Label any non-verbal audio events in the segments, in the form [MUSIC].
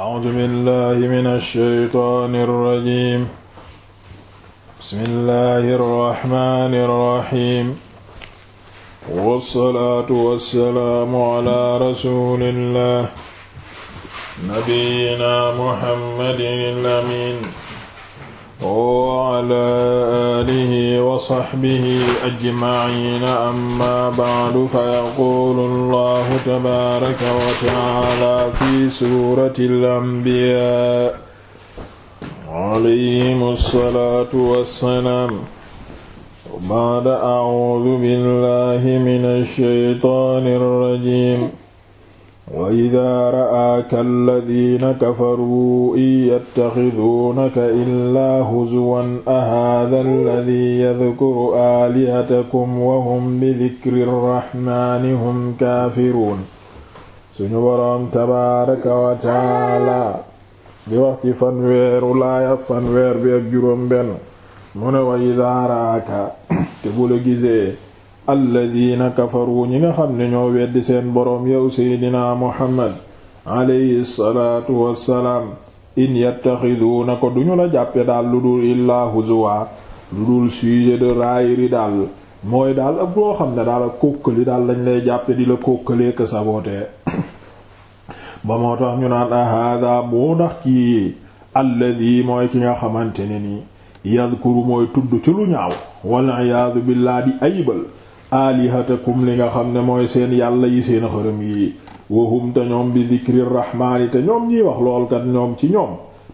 A'uuzu billaahi mina shaytaani rajiim. Bismillaahi rahmaani rahiim. Wassalaatu wassalaamu alaa rasuulillaahi. Nabiyyinaa Muhammadin al-amiin. wa ala alihi wa sahbihi ajma'iin amma ba'du fa yaqulu allahu tabaaraka wa ta'aala fi suurati al-anbiyaa alayhimu salaatu wa salaam ba'da a'uudu billahi mina shaytaani rajiim wa idaa ra'aaka alladiina kafaruu in yattaxiduunaka illaa huzuwan ahaada alladii yadkuru aalihatakum wa hum bi dikri rraxmaani hum kaafiruun suñu boroom tabaaraka wa taala di wax ci fanweeru laaya fanweer bi ak juróom benn mu ne wa idaa ra'aaka te bu la gisee alladina kafaru ñi nga xam ne ñoo weddi seen boroom yow seydinaa muhammad alayhi salaatu wassalaam la jàppe daal lu dul illaa huzuwa lu dul sujet xam ne daal ak kókkali daal lañ lay jàppe di la kókkalee ka [COUGHS] moo tax ñu naan ahaada ndax kii alladi mooy ki nga xamante ne ni yadkuru mooy tudd ci lu ñaaw wal iyaadu billaa di ayibal aalihatakum li nga xam ne mooy seen yàlla yi seen xërëm yi wahum te ñoom bi dikri rahmaani te ñoom ñiy wax lool kat ñoom ci ñoom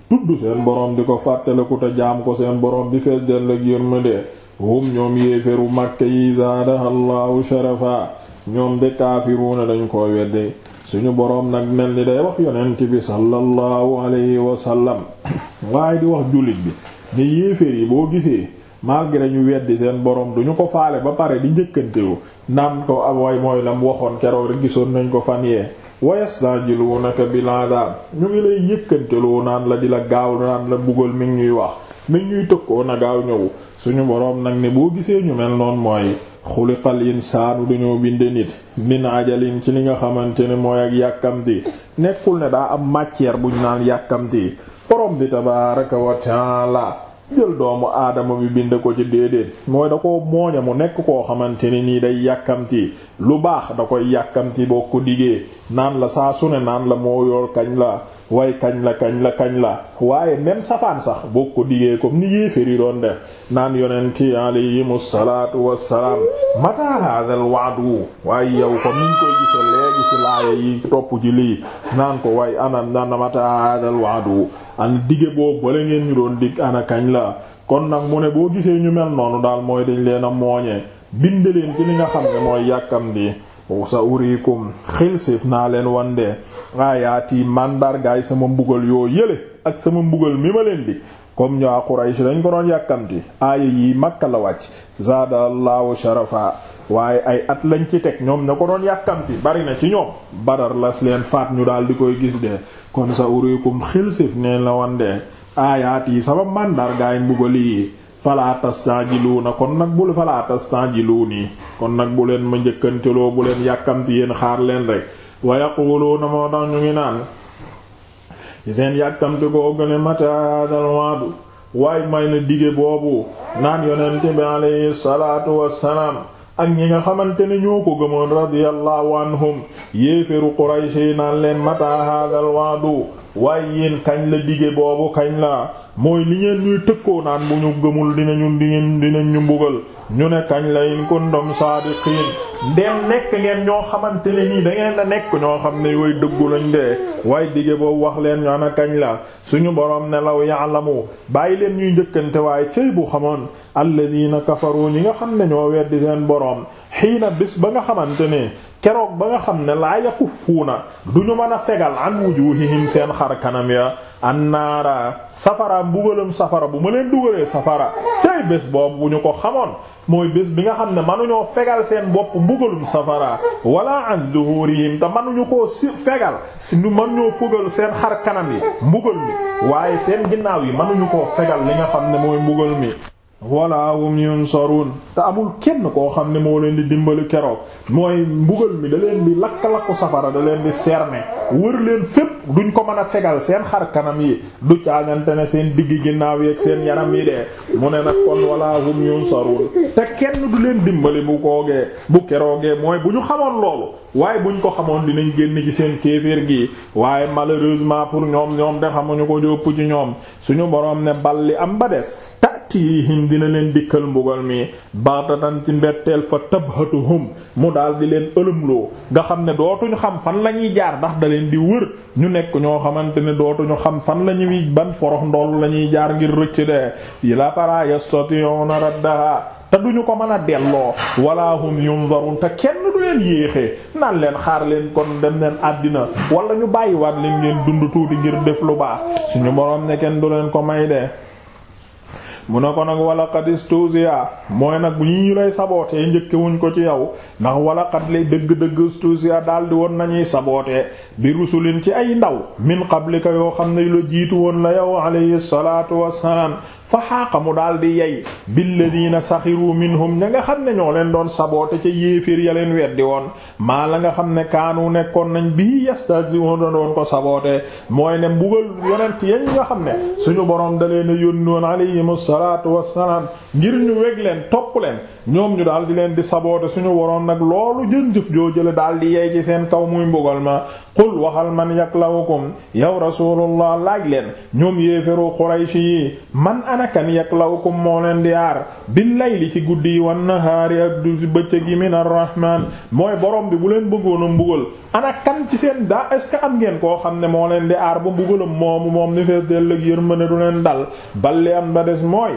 tudd seen boroom di ko fàttaliku te jaam ko seen boroom di fees dell ak yërmande hum ñoom yéeféru màkke yi zaadaha allahu sharafa ñoom de kaafiruuna dañ ko wedde suñu boroom nag mel ni day wax yonent bi sallallahu alayhi wa sallam [COUGHS] waaye di wax jullit bi ne yéeféer yi boo gisee malgré ñu weddi seen borom duñu ko faale ba pare di njëkkantewu naan ko ab way mooy lam waxoon keroog rek gisoon nañ ko fan yee wayastajiluunaka bil adab ñu ngi lay yëkkanteloo naan la di la gaaw naan la bugal mi ngi ñuy wax mi ngi ñuy tëkkoo na gaaw ñëw suñu boroom nag ne boo gisee ñu mel noonu mooy xuliqal insaanu dañoo bind nit min ajalin ci li nga xamante ne mooy ak yàkkamti nekkul ne daa am matière ñu naan yàkkamti borom bi tabaaraka wa taala jël doomu aadama bi bind ko ci déedéet mooy da ko mooñe mu nekk koo xamante ne nii day yàkkamti lu baax da koy yàkkamti boo ko digee naan la saa su ne naan la moo yor kañ la way kañ la kañ la kañ la waaye même safaan sax boo ko digee ko ni yéefér yi doon def naan yonenti alayhimu salaatu wassalaam mata hadal waadu waaye yow ko niñ koy gisa léegi ci laaya yi topp ci lii naan ko way ana ana mata hadal waadu an dige boobu bala ngeen ñu doon dig ana kañ la kon nag mu ne boo gisee ñu mel noonu daal mooy dañ leen a mooñee bind leen ci li nga xam ne mooy yàkkam di sa urikum xilsif naa leen wan de ayaati màndargaay sama mbugal yoo yële ak sama mbugal mi ma leen di comme ñoo Quraysh dañ ko doon yàkkamti aaya yi Makka la wàcc zaada allahu sharafa waaye ay at lañ ci teg ñoom ña ko doon yàkkamti bari na ci ñoom Badar las leen faat ñu daal di koy gis de kon sa urikum xilsif neen la wan de aayaat yi sama màndargaay mbugal yi fala tastajiluuna kon nag bul fala tastajiluuni kon nag bu leen ma njëkkanteloo bu leen yàkkamti yéen xaar leen rek wa yaquluuna moo tax ñu ngi naan ci seen yàkkamti koo gëne matadal waadu waaye may na dige boobu naan yonente bi alayhi salaatu wassalaam ak ñi nga xamante ne ñoo ko gëmoon radiyallahu anhum yéeféru Quraysh naan leen mata hadal waadu waaye yéen kañ la dige boobu kañ la mooy li ngeen ñuy tëkkoo naan bu ñu gëmul dinañu dinañ dinañ ñu mbugal ñu ne kañ la in kuntum saadiqiin ndem nekk ngeen ñoo xamante ne nii da ngeen a nekk ñoo xam ne yooyu dëggu lañ dee waaye dige boobu wax leen ñu ana kañ la suñu borom ne law yaalamu bàyyi leen ñuy njëkkante waaye cëy bu xamoon alladiina kafaru ñi nga xam ne ñoo weddi seen borom xiina bés ba nga xamante ne keroog ba nga xam ne laa yakuffuuna du ñu mën a fegal an wujuhihim seen xar kanam ya annaara safara mbugalam safara bu ma leen dugalee safara tey bés boobu bu ñu ko xamoon mooy bés bi nga xam ne manuñoo fegal seen bopp mbugalum safara wala an zuhurihim te manuñu ko si fegal si ñu mën ñoo fugal seen xar kanam yi mbugal mi waaye seen ginnaaw yi mënuñu ko fegal li nga xam ne mooy mbugal mi wala hum yunsaruun te amul kenn koo xam ne moo leen di dimbali keroog mooy mbugal mi da leen di lakk-lakku safara da leen di cerner wër leen fépp duñ ko mën a fegal seen xar kanam yi du caagante ne seen digg ginnaaw yi ak seen yaram yi de mu ne na kon wala hum yunsaruun te kenn du leen dimbali bu koogee bu keroogee mooy bu ñu xamoon loolu waaye buñ ko xamoon dinañ génn ci seen kéeféer gi waaye malheureusement pour ñoom ñoom de xamuñu ko jópp ci ñoom suñu boroom ne bal li am ba des ya'tihim dina leen dikkal mbugal mi baghtatan ci mbetteel fa tabhatuhum mu daal di leen ëlëmloo nga xam ne dootuñu xam fan la ñuy jaar ndax da leen di wër ñu nekk ñoo xamante ne dootuñu xam fan la ñuy ban forox ndool la ñuy jaar ngir rëcc de yi la fara yastati'una raddaha te duñu ko mën a delloo wala hum yunzarun te kenn du leen yéexee naan leen xaar leen kon dem leen àddina wala ñu bàyyi waat leen ngeen dund tuuti ngir def lu baax suñu boroom ne kenn du leen ko may de mu ne ko nag wala qad istuziya mooy nag ñi ñu lay sabootee njëkke ko ci yow ndax wala qad lay dëgg-dëgg istuziya daal di woon nañuy saboote bi rusulin ci ay ndaw min qablika yoo xam ne yu la jiitu woon la yow alayhi salaatu wassalaam fa xaaqa mu daal di yey billadiina saxiru minhum ña nga xam ne ñoo leen doon saboote ca yéeféer ya leen weddi woon maa la nga xam ne kaanu nekkoon nañ bii yastahzi'uun doon ko saboote mooy ne mbugal yonent yañ nga xam ne suñu boroom da leen a yónnoon alayhimu salaatu wassalaam ngir ñu weg leen topp leen ñoom ñu daal di leen di saboote suñu waroon nag loolu jën jëf joo jële daal di yey ci seen kaw muy mbugal ma qul waxal man yaklawukum yow rasulullah laaj leen ñoom yéeféru xurayshi yi man anakan yaklawukum moo leen di aar bi bil layli ci guddi yi wan nahaari ak du bëccëg yi min arrahman mooy borom bi bu leen bëggoon a mbugal anakan ci seen daa est ce que am ngeen koo xam ne moo leen di aar ba mbugalam moomu moom ni fees dellëg yërmande du leen dal balli am ba des mooy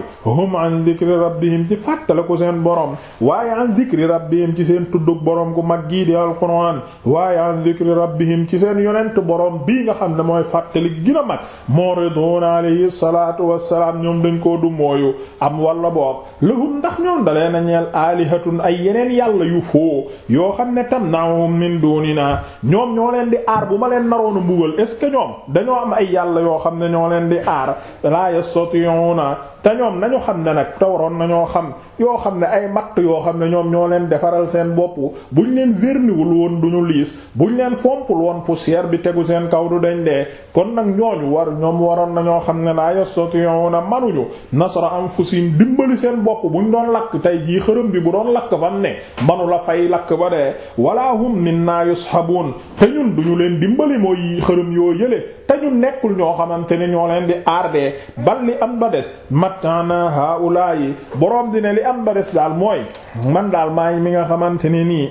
borom waaye an zikri rabbihim ci seen tuddug boroom gu mag gii di alquran waaye an zikri rabbihim ci seen yonent boroom bii nga xam ne mooy fàttali gën a mag mooridun alayhi salaatu wassalaam ñoom dañ koo du mooyu am walla boog lahum ndax ñoom dalee na ñeel alihatun ay yeneen yàlla yu foo yoo xam ne tam tamna'uhum min naa ñoom ñoo leen di aar bu ma leen naroon a mbugal est ce que ñoom dañoo am ay yàlla yoo xam ne ñoo leen di aar la yastati'una te ñoom nañu xam ne nag tawaroon nañoo xam yoo xam ne ay matt yoo xam ne ñoom ñoo leen defaral seen bopp buñ leen verniwul woon duñu liis buñ leen fompul woon poussière bi tegu seen kaw du dañ kon nag ñooñu war ñoom waroon nañoo xam ne laa yastati'una manuñu nasra anfusihim dimbali seen bopp buñ doon lakk tey jii xërëm bi bu doon lakk fan ne manu la fay lakk ba dee wala hum minna yushabun te ñun duñu leen dimbali mooy xërëm yoo yële te ñu nekkul ñoo xamante ne ñoo leen di aar dee bal li am ba des matana haula yi borom di ne li am ba daal mooy man daal maa mi nga xamante ne nii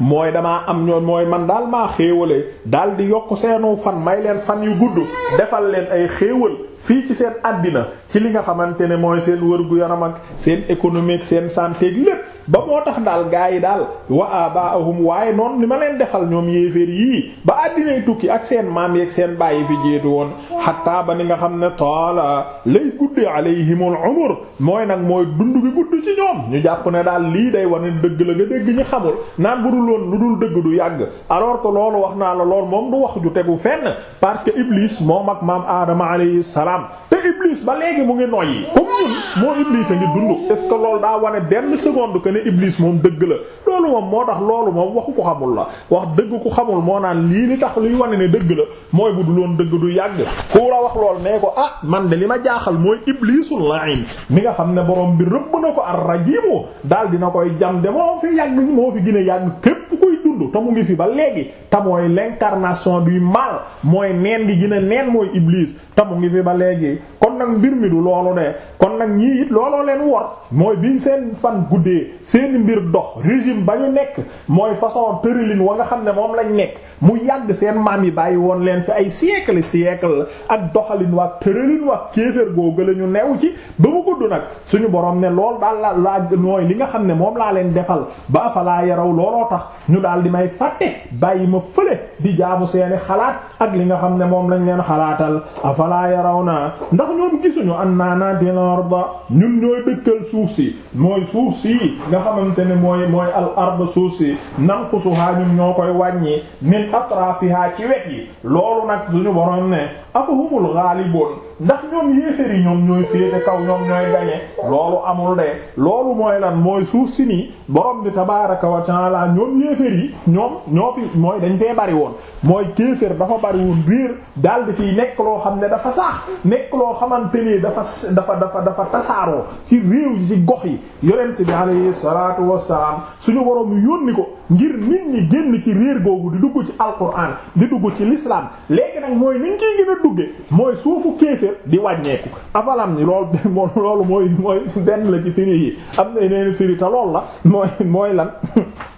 mooy dama am ñoom mooy man daal maa xéewale daal di yokk seenu fan may leen fan yu gudd defal leen ay xéewal fii ci seen àddina ci li nga xamante ne mooy seen wër gu yaram ak seen économique seen santé lépp ba moo tax daal gaa yi daal wa abaahum waaye noonu li ma leen defal ñoom yéeféer yii ba àddinay tukki ak seen maam yeeg seen bàyyi fi jéetu woon xataa ba ni nga xam ne taala lay guddi alayhimul umur mooy nag mooy dund bi gudd ci ñoom ñu jàpp ne daal lii day wane dëgg la nga dégg ñi xamul naan bu dul woon lu dul dëgg du yàgg alors que loolu wax naa la lool moom du wax ju tegu fenn parce que Iblis moom ak maam Adama alayhi salaam te Iblis ba léegi mu ngi noyyi ne Iblis moom dëgg la loolu moom moo tax loolu moom waxu ko xamul la wax dëgg ko xamul moo naan lii li tax luy wane ne dëgg la mooy bu du loon dëgg du yàgg ku la wax lool nee ko ah man de li ma jaaxal mooy Iblisul la'in mi nga xam ne borom bi rëbb na ko ar-rajimu daal dina koy jam de moo fi yàgg moo fi gën a yàgg képp kuy dund te mu ngi fi ba léegi te mooy l'incarnation du mal mooy neen gi gën a neen mooy Iblis te mu ngi fi ba léegi kon nag mbir mi du loolu de kon nag ñii it looloo leen wor mooy biñ seen fan guddee seeni mbir dox régime ba ñu nekk mooy façon tërëlin wa nga xam ne moom lañ nekk mu yàgg seen maam yi bàyyi woon leen fi ay siècle siècle ak doxalin waa tërëlin waa ñu new ci ba nag suñu borom ne lool daal la laaj nga xam ne moom laa leen defal ba fa laa yaraw looloo tax ñu daal di may fàtte bàyyi ma fële di jaamu seeni xalaat ak li nga xam ne moom lañ leen xalaatal afalaa naa ndax ñoom gisuñu annaa naatil ba ñun ñooy dëkkal suuf si mooy suuf si nga xamante ne mooy mooy al ard suuf si nanqusuhaa ñun ñoo koy wàññi min atrafiha ci wet yi loolu nag suñu borom ne afahumul ghaalibuun ndax ñoom yéefér ñoom ñooy féete kaw ñoom ñooy gañe loolu amul de loolu mooy lan mooy suuf si nii borom bi tabaaraka wa ta'aala ñoom yéefér ñoom ñoo fi mooy dañ fee bari woon mooy kéefér dafa bari woon biir daal fiy nekk loo dafa saax nekk loo xamante ni dafa dafa dafa dafa tasaaroo ci réew yi ci gox yi yonent bi alayhi salaatu wassalaam suñu boroom yónni ko ngir nit ñi génn ci réer googu di dugg ci alquran di dugg ci l'islam léegi nag mooy ni ñu ciy gën dugge mooy suufu kéeféer di wàññeeku avalam ni loolu [LAUGHS] loolu mooy mooy benn la ci firi yi am na yeneen firi te loolu la mooy mooy lan [LAUGHS]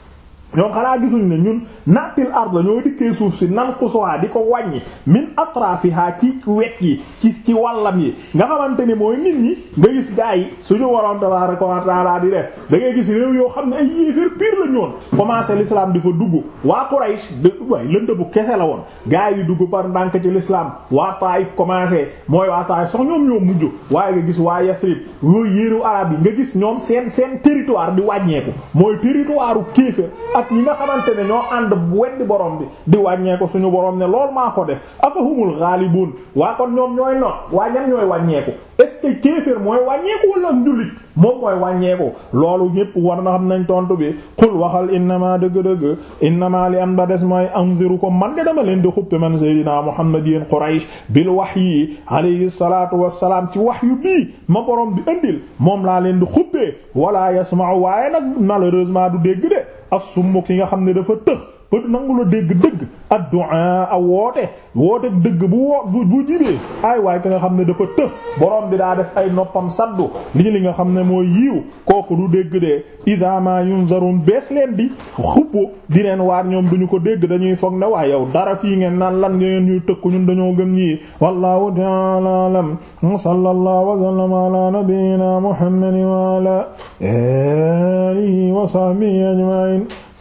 ñoom xanaa gisuñ ne ñun nattil ard la ñoo dikkee suuf si nan kusuwaa di ko wàññi min atrafiha ci wet yi ci ci wàllam yi nga xamante ni mooy nit ñi nga gis gaa yi suñu waroon tabaraka wa taala di def da ngay gis réew yoo xam ne ay yéeféer pire la ñoon lislaam di fa dugg waa Quraysh de bu kese la woon gaa yi dugg par ndànk ci l'islam waa Taif commencé mooy waa Taif sax ñoom ñoo mujj waaye nga gis waa Yathrib yooyu yéeru arab yi nga gis ñoom seen seen territoire di wàññeeku mooy territoire u kéeféer ak ñi nga xamante ne ñoo ànd weddi borom bi di wàññeeku suñu borom ne loolu maa ko def afahumul ghalibun waa kon ñoom ñooy noot waa ñan ñooy wàññeeku est-ce que kéeféer mooy wàññeeku wala ak njullit moom mooy wàññeeku loolu ñépp war na xam nañ tontu bi xul waxal innama dëgg-dëgg innama li am ba des mooy anziru ko man de dama leen di xuppe man seydinaa Muhammad yéen Quraysh bil wahyi alayhi salaatu wassalaam ci wahyu bii ma borom bi indil moom laa leen di xuppee wala yasma'u waaye nag malheureusement du dégg de as-summ nga xam ne dafa tëx ba nangu la dégg dëgg addu'a a woote woote dëgg bu woo bu jibee ay waay ki nga xam ne dafa të borom bi daa def ay noppam saddu li li nga xam ne mooy yiw kooku du dégg de idha ma yunzarun bees leen di xubbo di leen waar ñoom duñu ko dégg dañuy foog ne waa yow dara fii ngeen naan lan ngeen ñuy tëkku ñun dañoo gëm ñii wallahu ta'ala alam sallallahu wa sallama ala nabiyyina muhammadin wa ala alihi wa sahbihi ajma'in